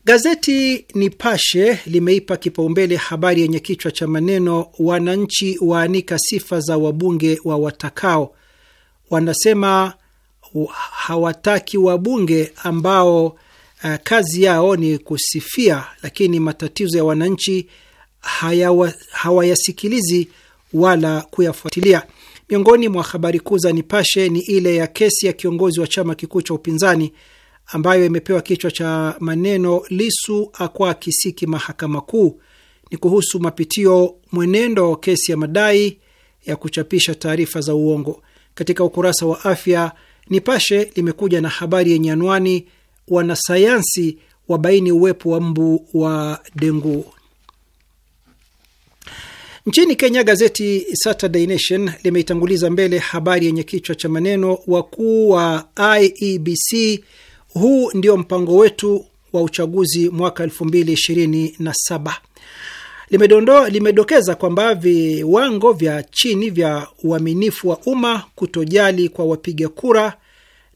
A: Gazeti Nipashe limeipa kipaumbele habari yenye kichwa cha maneno, wananchi waanika sifa za wabunge wa watakao. Wanasema hawataki wabunge ambao uh, kazi yao ni kusifia, lakini matatizo ya wananchi hayawa, hawayasikilizi wala kuyafuatilia. Miongoni mwa habari kuu za Nipashe ni ile ya kesi ya kiongozi wa chama kikuu cha upinzani ambayo imepewa kichwa cha maneno Lisu akwa kisiki mahakama kuu, ni kuhusu mapitio mwenendo kesi ya madai ya kuchapisha taarifa za uongo. Katika ukurasa wa afya, Nipashe limekuja na habari yenye anwani wanasayansi wabaini uwepo wa mbu wa dengu. Nchini Kenya, gazeti Saturday Nation limeitanguliza mbele habari yenye kichwa cha maneno wakuu wa IEBC huu ndio mpango wetu wa uchaguzi mwaka 2027. Limedondoa, limedokeza kwamba viwango vya chini vya uaminifu wa umma, kutojali kwa wapiga kura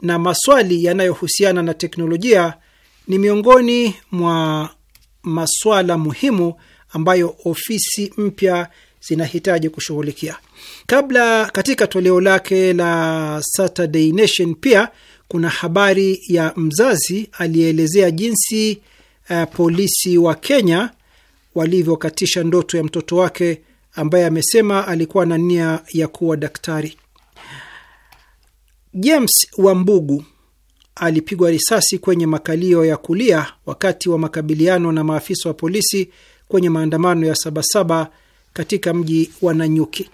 A: na maswali yanayohusiana na teknolojia ni miongoni mwa maswala muhimu ambayo ofisi mpya zinahitaji kushughulikia. Kabla katika toleo lake la Saturday Nation pia kuna habari ya mzazi aliyeelezea jinsi uh, polisi wa Kenya walivyokatisha ndoto ya mtoto wake ambaye amesema alikuwa na nia ya kuwa daktari. James Wambugu alipigwa risasi kwenye makalio ya kulia wakati wa makabiliano na maafisa wa polisi kwenye maandamano ya Sabasaba katika mji wa Nanyuki.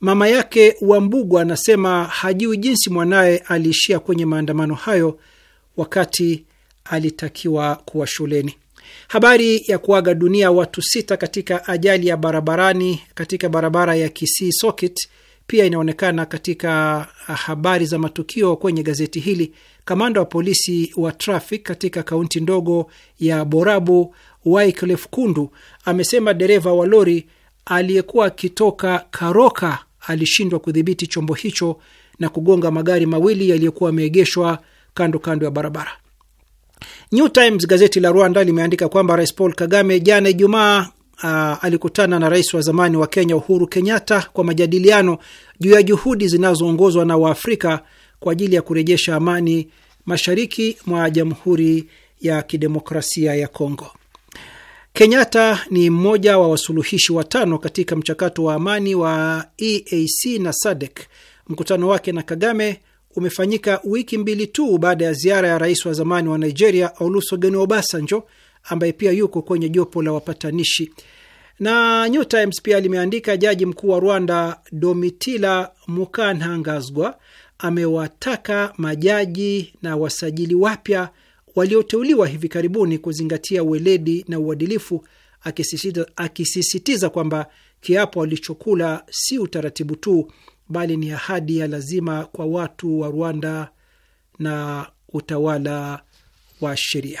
A: Mama yake Wambugwa anasema hajui jinsi mwanaye aliishia kwenye maandamano hayo wakati alitakiwa kuwa shuleni. Habari ya kuaga dunia watu sita katika ajali ya barabarani katika barabara ya Kisii pia inaonekana katika habari za matukio kwenye gazeti hili. Kamanda wa polisi wa trafiki katika kaunti ndogo ya Borabu, Wycliffe Kundu, amesema dereva wa lori aliyekuwa akitoka Karoka alishindwa kudhibiti chombo hicho na kugonga magari mawili yaliyokuwa yameegeshwa kando kando ya barabara. New Times gazeti la Rwanda limeandika kwamba Rais Paul Kagame jana Ijumaa Uh, alikutana na rais wa zamani wa Kenya Uhuru Kenyatta kwa majadiliano juu ya juhudi zinazoongozwa na Waafrika kwa ajili ya kurejesha amani mashariki mwa Jamhuri ya Kidemokrasia ya Kongo. Kenyatta ni mmoja wa wasuluhishi watano katika mchakato wa amani wa EAC na SADC. Mkutano wake na Kagame umefanyika wiki mbili tu baada ya ziara ya rais wa zamani wa Nigeria Olusegun Obasanjo ambaye pia yuko kwenye jopo la wapatanishi. Na New Times pia limeandika jaji mkuu wa Rwanda Domitila Mukantangazwa amewataka majaji na wasajili wapya walioteuliwa hivi karibuni kuzingatia uweledi na uadilifu, akisisitiza, akisisitiza kwamba kiapo walichokula si utaratibu tu, bali ni ahadi ya lazima kwa watu wa Rwanda na utawala wa sheria.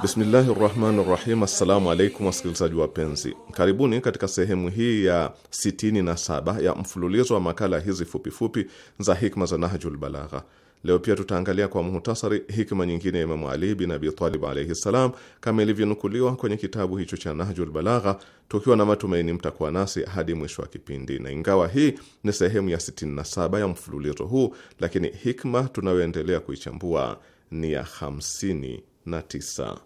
E: Bismillahi rahmani rahim. Assalamu alaikum wasikilizaji wapenzi, karibuni katika sehemu hii ya 67 ya mfululizo wa makala hizi fupifupi za hikma za Nahjul Balagha. Leo pia tutaangalia kwa muhtasari hikma nyingine ya Imamu Ali bin Abi Talib alaihi ssalam, kama ilivyonukuliwa kwenye kitabu hicho cha Nahjul Balagha, tukiwa na matumaini mtakuwa nasi hadi mwisho wa kipindi. Na ingawa hii ni sehemu ya 67 ya mfululizo huu, lakini hikma tunayoendelea kuichambua ni ya 50 na tisa.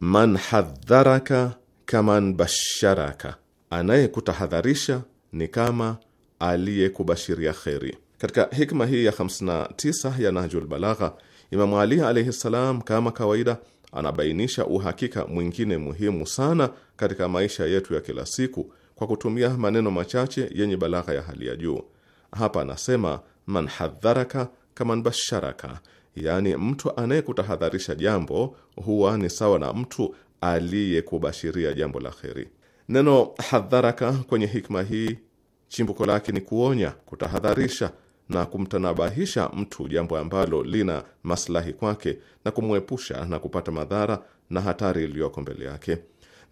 E: Man hadharaka kaman basharaka, anayekutahadharisha ni kama aliyekubashiria kheri. Katika hikma hii ya 59 ya Nahjul Balagha, Imamu Ali alaihi ssalam, kama kawaida anabainisha uhakika mwingine muhimu sana katika maisha yetu ya kila siku kwa kutumia maneno machache yenye balagha ya hali ya juu. Hapa anasema man hadharaka kaman basharaka, yaani mtu anayekutahadharisha jambo huwa ni sawa na mtu aliyekubashiria jambo la kheri. Neno hadharaka kwenye hikma hii chimbuko lake ni kuonya, kutahadharisha na kumtanabahisha mtu jambo ambalo lina maslahi kwake na kumwepusha na kupata madhara na hatari iliyoko mbele yake.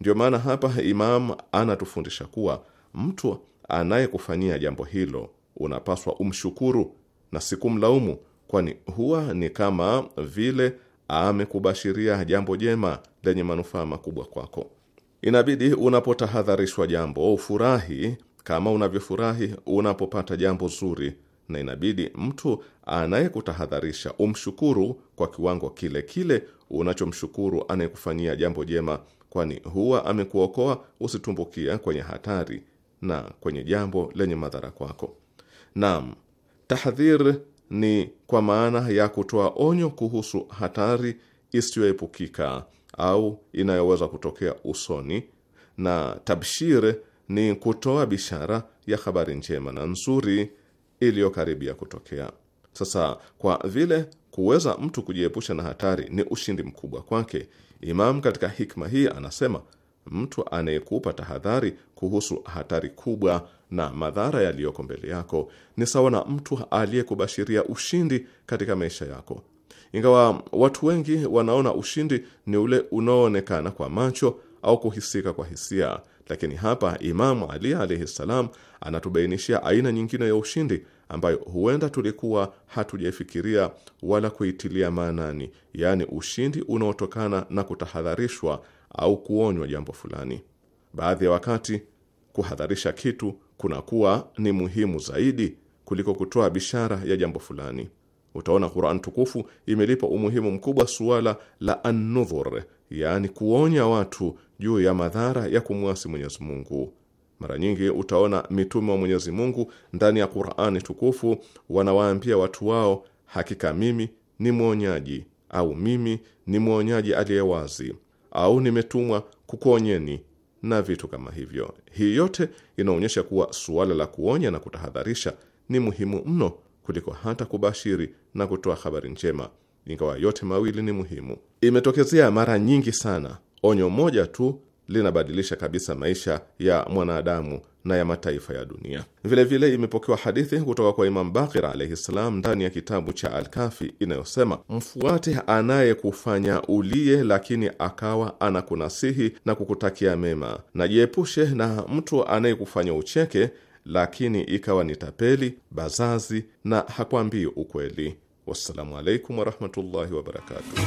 E: Ndiyo maana hapa Imam anatufundisha kuwa mtu anayekufanyia jambo hilo unapaswa umshukuru na si kumlaumu, kwani huwa ni kama vile amekubashiria jambo jema lenye manufaa makubwa kwako. Inabidi unapotahadharishwa jambo ufurahi kama unavyofurahi unapopata jambo zuri na inabidi mtu anayekutahadharisha umshukuru kwa kiwango kile kile unachomshukuru anayekufanyia jambo jema, kwani huwa amekuokoa usitumbukia kwenye hatari na kwenye jambo lenye madhara kwako. Naam, tahdhir ni kwa maana ya kutoa onyo kuhusu hatari isiyoepukika au inayoweza kutokea usoni, na tabshir ni kutoa bishara ya habari njema na nzuri iliyokaribia kutokea. Sasa kwa vile kuweza mtu kujiepusha na hatari ni ushindi mkubwa kwake, Imam katika hikma hii anasema mtu anayekupa tahadhari kuhusu hatari kubwa na madhara yaliyoko mbele yako ni sawa na mtu aliyekubashiria ushindi katika maisha yako. Ingawa watu wengi wanaona ushindi ni ule unaoonekana kwa macho au kuhisika kwa hisia, lakini hapa Imamu Ali alaihi ssalam anatubainishia aina nyingine ya ushindi ambayo huenda tulikuwa hatujaifikiria wala kuitilia maanani, yaani ushindi unaotokana na kutahadharishwa au kuonywa jambo fulani. Baadhi ya wakati kuhadharisha kitu kunakuwa ni muhimu zaidi kuliko kutoa bishara ya jambo fulani. Utaona Qur'an tukufu imelipa umuhimu mkubwa suala la an yaani kuonya watu juu ya madhara ya kumwasi Mwenyezi Mungu. Mara nyingi utaona mitume wa Mwenyezi Mungu ndani ya Qur'ani tukufu wanawaambia watu wao, hakika mimi ni mwonyaji au mimi ni mwonyaji aliye wazi au nimetumwa kukuonyeni na vitu kama hivyo. Hii yote inaonyesha kuwa suala la kuonya na kutahadharisha ni muhimu mno kuliko hata kubashiri na kutoa habari njema, ingawa yote mawili ni muhimu. Imetokezea mara nyingi sana Onyo moja tu linabadilisha kabisa maisha ya mwanadamu na ya mataifa ya dunia. Vilevile imepokewa hadithi kutoka kwa Imam Bakir alaihi ssalam ndani ya kitabu cha Alkafi inayosema, mfuate anayekufanya ulie, lakini akawa anakunasihi na kukutakia mema, na jiepushe na mtu anayekufanya ucheke, lakini ikawa ni tapeli, bazazi na hakwambii ukweli. Wassalamu alaikum warahmatullahi wabarakatuh.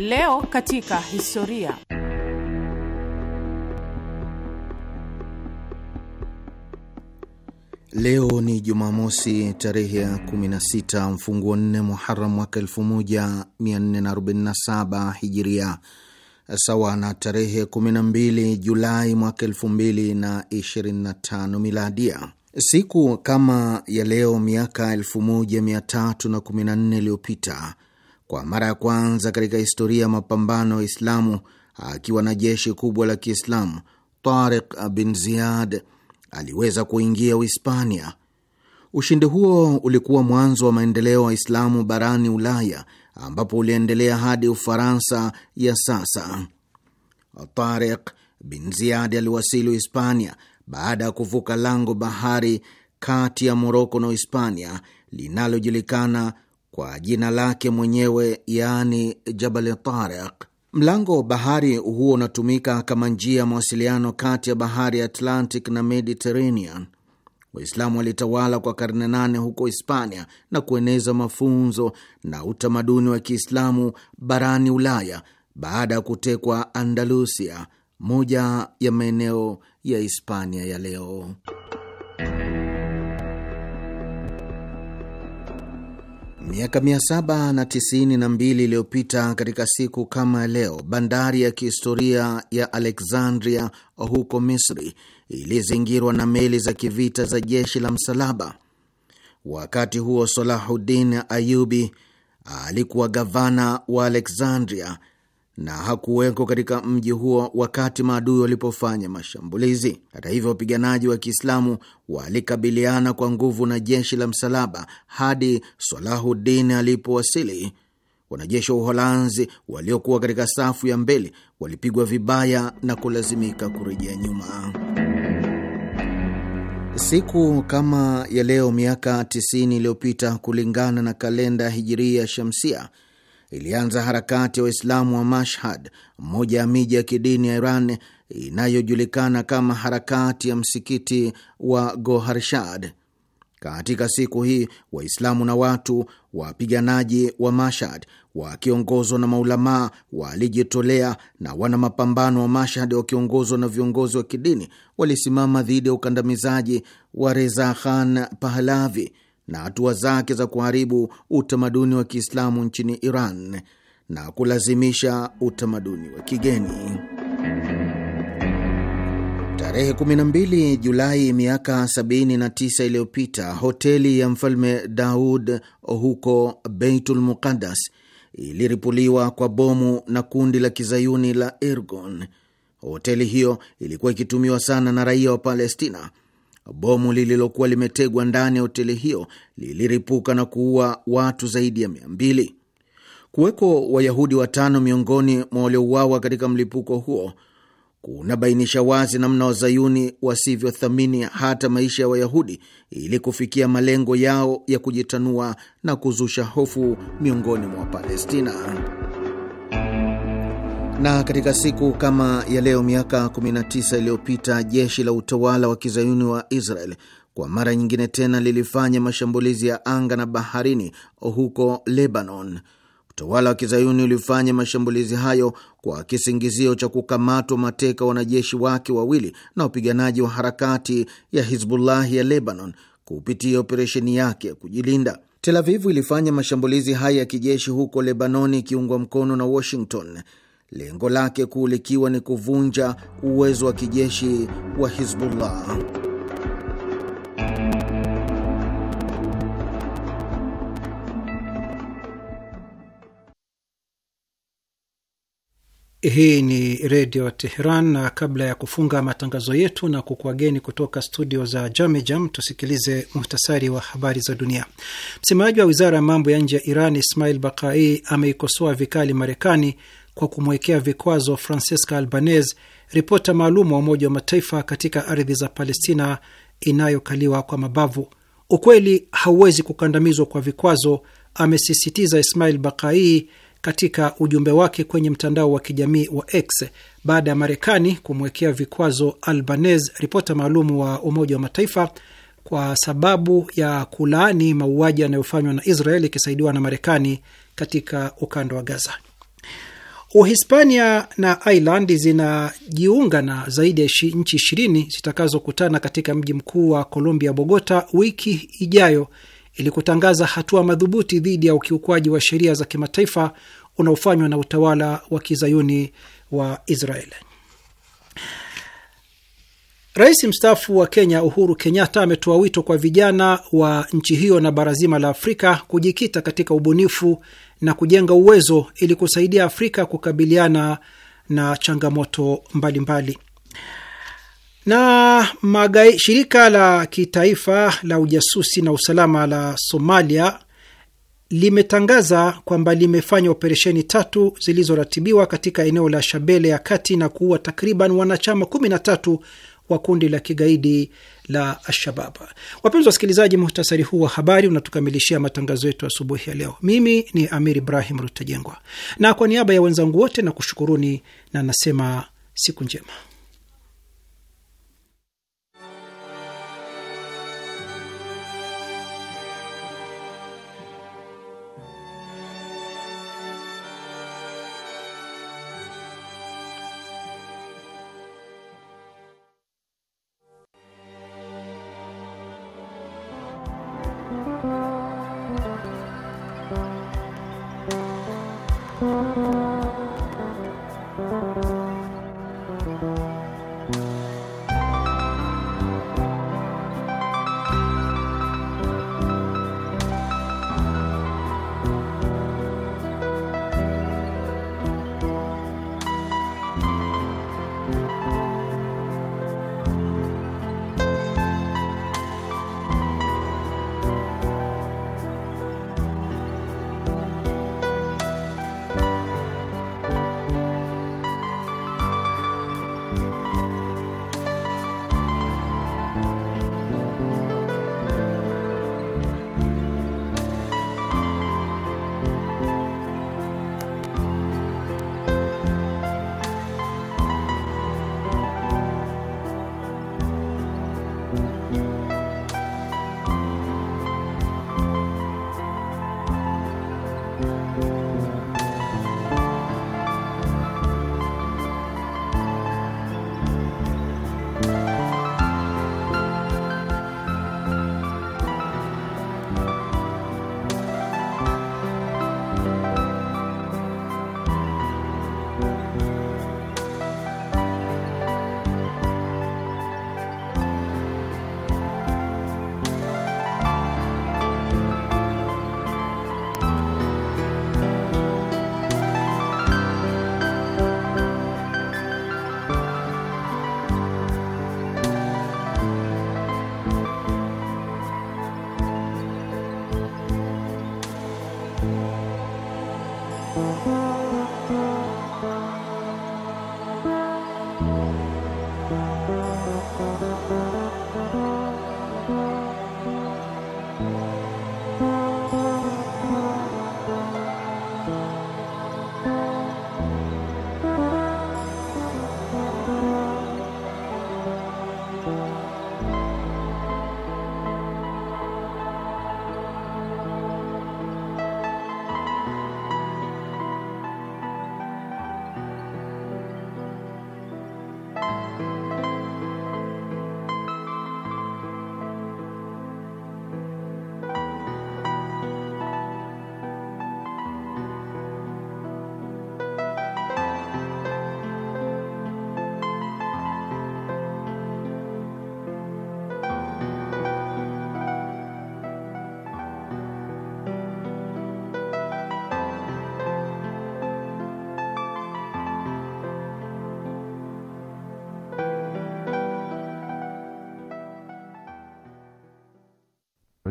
D: Leo katika historia.
B: Leo ni Jumamosi tarehe ya 16 mfunguo nne Muharam mwaka 1447 Hijiria, sawa na tarehe 12 Julai mwaka 2025 Miladia. Siku kama ya leo miaka 1314 iliyopita kwa mara ya kwanza katika historia ya mapambano ya Waislamu akiwa na jeshi kubwa la Kiislamu, Tariq bin Ziyad aliweza kuingia Uhispania. Ushindi huo ulikuwa mwanzo wa maendeleo ya Waislamu barani Ulaya, ambapo uliendelea hadi Ufaransa ya sasa. Tariq bin Ziyad aliwasili Uhispania baada ya kuvuka lango bahari kati ya Moroko na Uhispania linalojulikana kwa jina lake mwenyewe, yaani Jabal Tariq. Mlango wa bahari huo unatumika kama njia ya mawasiliano kati ya bahari ya Atlantic na Mediterranean. Waislamu walitawala kwa karne nane huko Hispania na kueneza mafunzo na utamaduni wa Kiislamu barani Ulaya baada ya kutekwa Andalusia, moja ya maeneo ya Hispania ya leo. Miaka 792 iliyopita katika siku kama leo, bandari ya kihistoria ya Alexandria huko Misri ilizingirwa na meli za kivita za jeshi la msalaba. Wakati huo Salahuddin Ayubi alikuwa gavana wa Alexandria na hakuwekwa katika mji huo wakati maadui walipofanya mashambulizi. Hata hivyo, wapiganaji wa Kiislamu walikabiliana kwa nguvu na jeshi la msalaba hadi Salahuddin alipowasili. Wanajeshi wa Uholanzi waliokuwa katika safu ya mbele walipigwa vibaya na kulazimika kurejea nyuma. Siku kama ya leo miaka 90 iliyopita kulingana na kalenda hijiria shamsia ilianza harakati ya Waislamu wa Mashhad, mmoja ya miji ya kidini ya Iran inayojulikana kama harakati ya msikiti wa Goharshad. Katika siku hii Waislamu na watu wapiganaji wa Mashhad wakiongozwa na maulamaa walijitolea na wana mapambano wa Mashhad wakiongozwa na viongozi wa kidini walisimama dhidi ya ukandamizaji wa Reza Khan Pahlavi na hatua zake za kuharibu utamaduni wa Kiislamu nchini Iran na kulazimisha utamaduni wa kigeni. Tarehe 12 Julai miaka 79 iliyopita, hoteli ya mfalme Daud huko Beitul Muqaddas iliripuliwa kwa bomu na kundi la kizayuni la Irgun. Hoteli hiyo ilikuwa ikitumiwa sana na raia wa Palestina Bomu lililokuwa limetegwa ndani ya hoteli hiyo liliripuka na kuua watu zaidi ya mia mbili. Kuweko Wayahudi watano miongoni mwa waliouawa katika mlipuko huo kunabainisha wazi namna Wazayuni wasivyothamini hata maisha ya Wayahudi ili kufikia malengo yao ya kujitanua na kuzusha hofu miongoni mwa palestina na katika siku kama ya leo miaka 19 iliyopita jeshi la utawala wa kizayuni wa Israel kwa mara nyingine tena lilifanya mashambulizi ya anga na baharini huko Lebanon. Utawala wa kizayuni ulifanya mashambulizi hayo kwa kisingizio cha kukamatwa mateka wanajeshi wake wawili na wapiganaji wa harakati ya Hizbullahi ya Lebanon kupitia operesheni yake ya kujilinda. Tel Avivu ilifanya mashambulizi haya ya kijeshi huko Lebanoni ikiungwa mkono na Washington lengo lake kuu likiwa ni kuvunja uwezo wa kijeshi wa Hizbullah.
A: Hii ni Redio Teheran, na kabla ya kufunga matangazo yetu na kukuageni kutoka studio za Jamejam, tusikilize muhtasari wa habari za dunia. Msemaji wa wizara ya mambo ya nje ya Iran, Ismail Bakai, ameikosoa vikali Marekani kwa kumwekea vikwazo Francesca Albanese, ripota maalum wa Umoja wa Mataifa katika ardhi za Palestina inayokaliwa kwa mabavu. Ukweli hauwezi kukandamizwa kwa vikwazo, amesisitiza Ismail Bakai katika ujumbe wake kwenye mtandao wa kijamii wa X baada ya Marekani kumwekea vikwazo Albanese, ripota maalum wa Umoja wa Mataifa kwa sababu ya kulaani mauaji yanayofanywa na Israeli ikisaidiwa na Marekani katika ukanda wa Gaza. Uhispania na Ireland zinajiunga na zaidi ya nchi ishirini zitakazokutana katika mji mkuu wa Colombia, Bogota, wiki ijayo ili kutangaza hatua madhubuti dhidi ya ukiukwaji wa sheria za kimataifa unaofanywa na utawala wa kizayuni wa israel Rais mstaafu wa Kenya Uhuru Kenyatta ametoa wito kwa vijana wa nchi hiyo na bara zima la Afrika kujikita katika ubunifu na kujenga uwezo ili kusaidia Afrika kukabiliana na changamoto mbalimbali mbali. Na magai, shirika la kitaifa la ujasusi na usalama la Somalia limetangaza kwamba limefanya operesheni tatu zilizoratibiwa katika eneo la Shabele ya kati na kuua takriban wanachama 13 wa kundi la kigaidi la Alshabab. Wapenzi wasikilizaji, muhtasari huu wa habari unatukamilishia matangazo yetu asubuhi ya leo. Mimi ni Amir Ibrahim Rutajengwa, na kwa niaba ya wenzangu wote na kushukuruni na nasema siku njema.